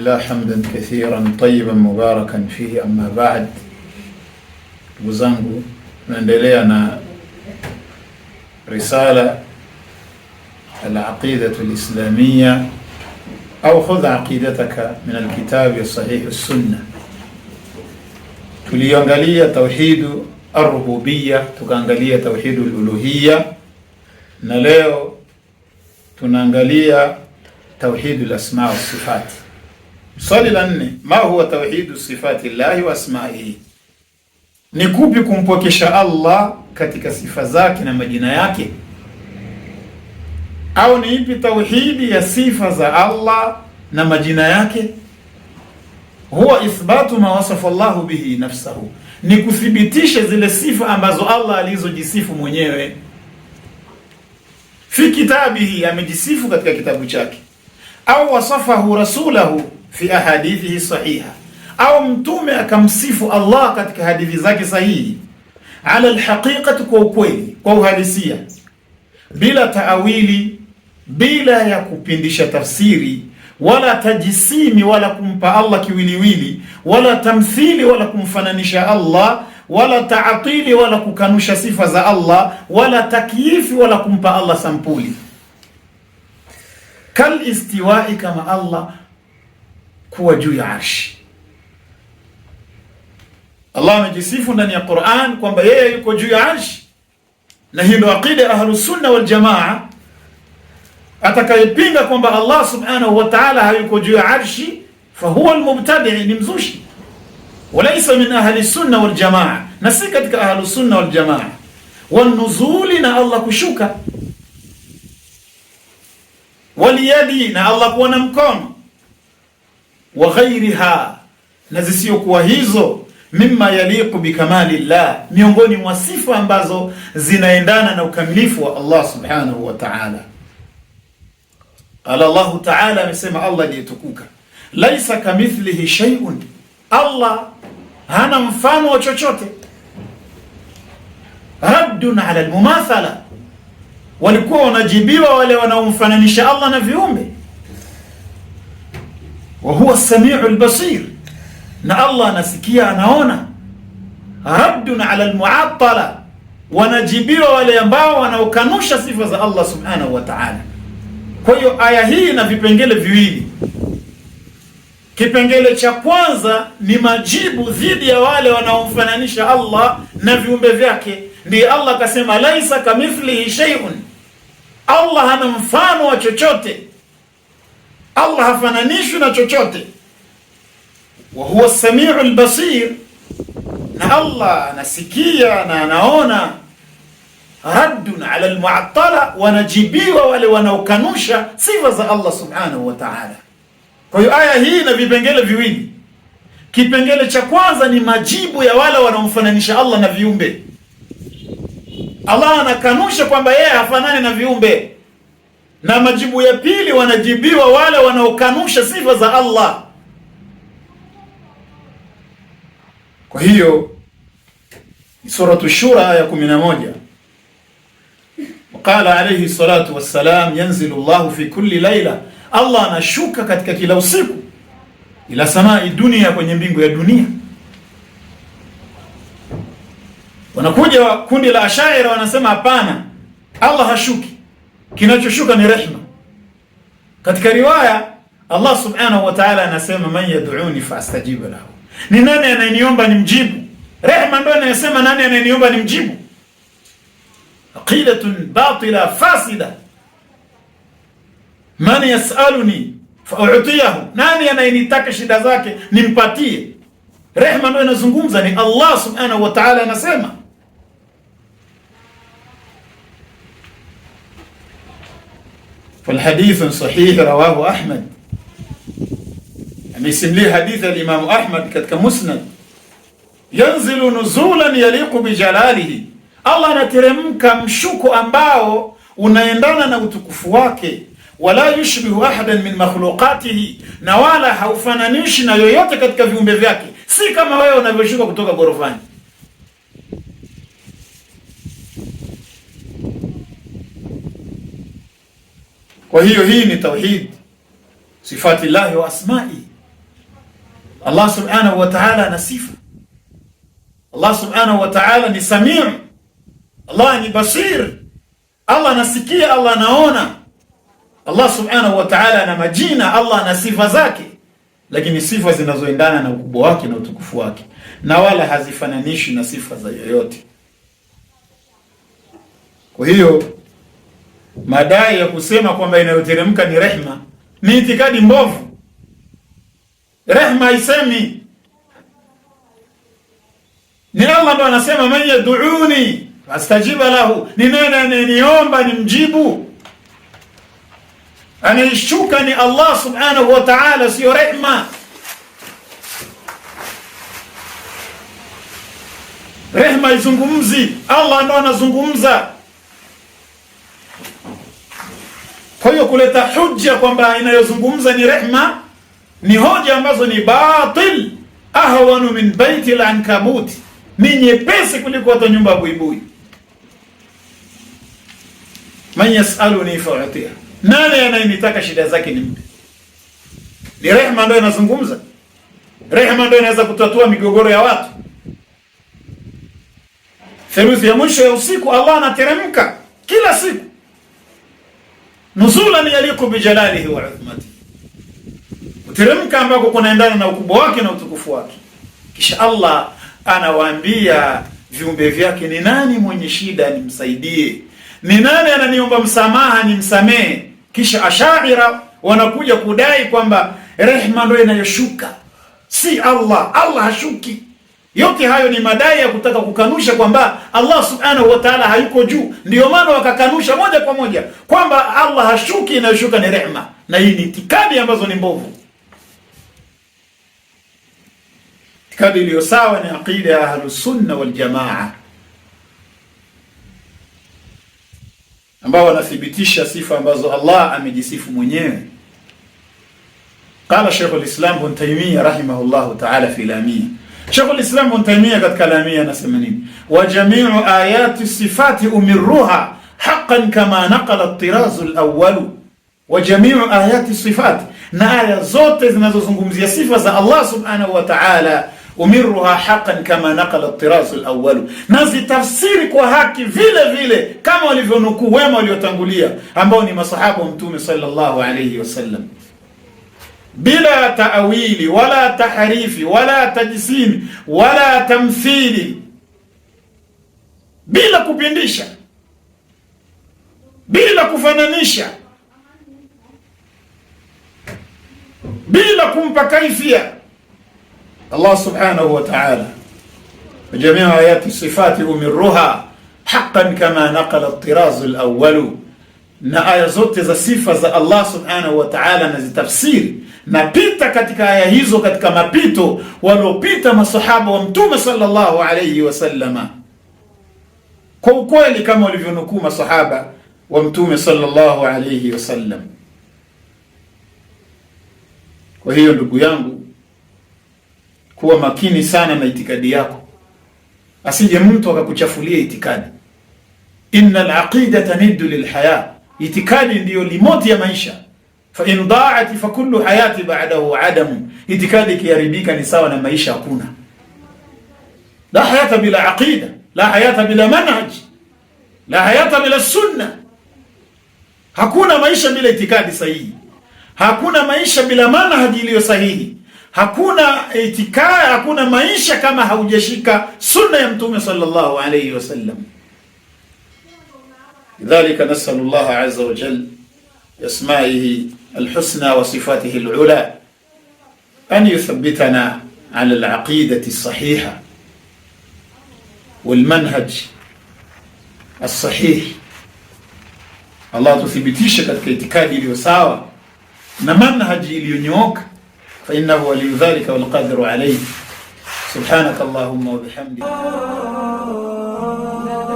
لله حمدا كثيرا طيبا مباركا فيه أما بعد وزنقو نندلي أنا رسالة العقيدة الإسلامية أو خذ عقيدتك من الكتاب الصحيح السنة تليانغالية توحيد الربوبية تكانغالية توحيد الألوهية نليو تنانغالية توحيد الأسماء والصفات Swali la nne, ma huwa tawhidu sifati llahi wa asmaihi, ni kupi kumpokesha Allah katika sifa zake na majina yake, au ni ipi tauhidi ya sifa za Allah na majina yake? Huwa ithbatu ma wasafa llahu bihi nafsahu, ni kuthibitisha zile sifa ambazo Allah alizojisifu mwenyewe. Fi kitabihi, amejisifu katika kitabu chake, au wasafahu rasulahu fi ahadithihi sahiha, au mtume akamsifu Allah katika hadithi zake sahihi, ala alhaqiqati, kwa ukweli, kwa uhalisia, bila taawili, bila ya kupindisha tafsiri wala tajisimi wala kumpa Allah kiwiliwili wala tamthili wala kumfananisha Allah wala taatili wala kukanusha sifa za Allah wala takyifi wala kumpa Allah sampuli. Kal istiwai, kama Allah kuwa juu ya arshi. Allah amejisifu ndani ya Qur'an kwamba yeye yuko juu ya arshi, na hii ndio aqida ya Ahlus Sunna wal Jamaa. Atakayepinga kwamba Allah subhanahu wa ta'ala hayuko juu ya arshi, fa huwa almubtadi, ni mzushi, walaysa min ahli sunna wal jamaa, na si katika Ahlus Sunna wal Jamaa. Wanuzuli, na Allah kushuka, waliyadi, na Allah kuwa na mkono wa ghairiha, na zisiyokuwa hizo, mimma yaliqu bikamali llah, miongoni mwa sifa ambazo zinaendana na ukamilifu wa Allah subhanahu wa ta'ala. Qala Allahu ta'ala, amesema Allah aliyetukuka, laisa kamithlihi shay'un, Allah hana mfano wa chochote. Raddun ala almumathala, walikuwa wanajibiwa wale wanaomfananisha Allah na viumbe wa huwa samiu lbasir, na Allah anasikia anaona. Raddun ala lmuatala, wanajibiwa wale ambao wanaokanusha sifa za Allah subhanahu wa ta'ala. Kwa hiyo aya hii ina vipengele viwili. Kipengele cha kwanza ni majibu dhidi ya wale wanaomfananisha Allah na viumbe vyake. Ndiye Allah akasema, laisa kamithlihi shay'un, Allah hana mfano wa chochote Allah hafananishwi na chochote, wa huwa samiu lbasir, na Allah anasikia na anaona. Raddun ala lmuatala, wanajibiwa wale wanaokanusha sifa za Allah subhanahu wa taala. Kwa hiyo aya hii na vipengele viwili. Kipengele cha kwanza ni majibu ya wale wanaomfananisha Allah na viumbe. Allah anakanusha kwamba yeye hafanani na viumbe na majibu ya pili wanajibiwa wale wanaokanusha sifa za Allah. Kwa hiyo ni suratu Shura aya kumi na moja waqala alayhi salatu wassalam, yanzilu llahu fi kulli laila, Allah anashuka katika kila usiku, ila samai dunia, kwenye mbingu ya dunia. Wanakuja kundi la Ashaira wanasema hapana, Allah hashuki kinachoshuka ni rehma. Katika riwaya Allah subhanahu wa ta'ala anasema man yad'uni faastajibu lahu, ni nani anayeniomba ni mjibu. Rehma ndio anayesema nani anayeniomba ni mjibu. Aqidatun batila fasida, man yasaluni fautiyahu, nani anayenitaka shida zake nimpatie. Rehma ndio inazungumza, ni Allah subhanahu wa ta'ala anasema walhadithu sahihi rawahu Ahmad, ameisimulia hadithi alimamu Ahmad katika Musnad. Yanzilu nuzulan yaliqu bijalalihi, Allah anateremka mshuko ambao unaendana na utukufu wake. Wala yushbihu ahadan min makhluqatihi, na wala haufananishi na yoyote katika viumbe vyake, si kama wewe unavyoshuka kutoka gorofani. Kwa hiyo hii ni tauhid, sifati llahi wa asmai. Allah subhanahu wa ta'ala ana sifa. Allah subhanahu wa ta'ala ni samir, Allah ni basir, Allah anasikia, Allah anaona. Allah subhanahu wa ta'ala ana majina, Allah ana sifa zake, lakini sifa zinazoendana na ukubwa wake na utukufu wake, na wala hazifananishi na sifa za yoyote. Kwa hiyo madai ya kusema kwamba inayoteremka ni rehma ni itikadi mbovu. Rehma isemi ni Allah ndo anasema man yaduuni astajiba lahu, ni nani ananiomba ni mjibu. Anaishuka ni Allah subhanahu wa ta'ala, sio rehma. Rehma izungumzi, Allah ndo anazungumza. kuleta hujja kwamba inayozungumza ni rehma ni hoja ambazo ni batil. Ahwanu min baiti lankabuti, ni nyepesi kuliko hata nyumba buibui. Man yasaluni fa'atiha, nani anayenitaka shida zake nimpe? Ni rehma ndio inazungumza, rehma ndio inaweza kutatua migogoro ya watu. Theluthi ya mwisho ya usiku Allah anateremka kila siku nuzulan yaliku bijalalihi wa udhmatihi, kuteremka ambako kunaendana na ukubwa wake na utukufu wake. Kisha Allah anawaambia viumbe vyake, ni nani mwenye shida nimsaidie? Ni nani ananiomba msamaha nimsamehe? Kisha ashaira wanakuja kudai kwamba rehma ndio inayoshuka, si Allah. Allah hashuki yote hayo ni madai ya kutaka kukanusha kwamba Allah subhanahu wa taala hayuko juu. Ndiyo maana wakakanusha moja kwa moja kwamba Allah hashuki, inayoshuka ni rehma, na hii ni itikadi ambazo ni mbovu. Itikadi iliyo sawa ni aqida ya Ahlusunna Waljamaa, ambao wanathibitisha sifa ambazo Allah amejisifu mwenyewe. Qala Sheikh Lislam Ibn Taymiyya rahimahullahu taala fi Lamia Sheikh al-Islam Ibn Taymiyyah katika Alamia anasema nini? Wa jami'u ayati sifati umirruha haqqan kama naqala at-Tiraz al-awwal. Wa jami'u ayati sifati, na aya zote zinazozungumzia sifa za Allah subhanahu wa ta'ala umirruha haqqan kama naqala at-Tiraz al-awwal, na zitafsiri kwa haki vile vile kama walivyonukuu wema waliotangulia ambao ni masahaba wa Mtume sallallahu alayhi wasallam bila taawili wala tahrifi wala tajsimi wala tamthili, bila kupindisha, bila kufananisha, bila kumpa kaifia Allah subhanahu wa ta'ala. Jamii ayati sifati umiruha haqqan kama naqala at-Tiraz al-awwal, na aya zote za sifa za Allah subhanahu wa ta'ala na zitafsiri napita katika aya hizo katika mapito waliopita masahaba wa mtume sallallahu alayhi wasallama, kwa ukweli kama walivyonukuu masahaba wa mtume sallallahu alayhi wasallam. Kwa hiyo ndugu yangu, kuwa makini sana na itikadi yako, asije mtu akakuchafulia itikadi. Inna aqidata niddu lilhaya, itikadi ndiyo limoti ya maisha fa in da'at fa kullu hayati ba'dahu adamu, itikadi ikiharibika ni sawa na maisha hakuna. La hayata bila aqida, la hayata bila manhaj, la hayata bila sunna. Hakuna maisha bila itikadi sahihi, hakuna maisha bila manhaji iliyo sahihi, hakuna itikadi, hakuna maisha kama haujashika sunna ya Mtume sallallahu alayhi wasallam. Lidhalika nasalu azza wa jalla yasmaihi الحسنى وصفاته العلى أن يثبتنا على العقيدة الصحيحة والمنهج الصحيح الله تثبتيش كتك اتكادي ليساوى نمنهج لينيوك فإنه ولي ذلك والقادر عليه سبحانك اللهم وبحمدك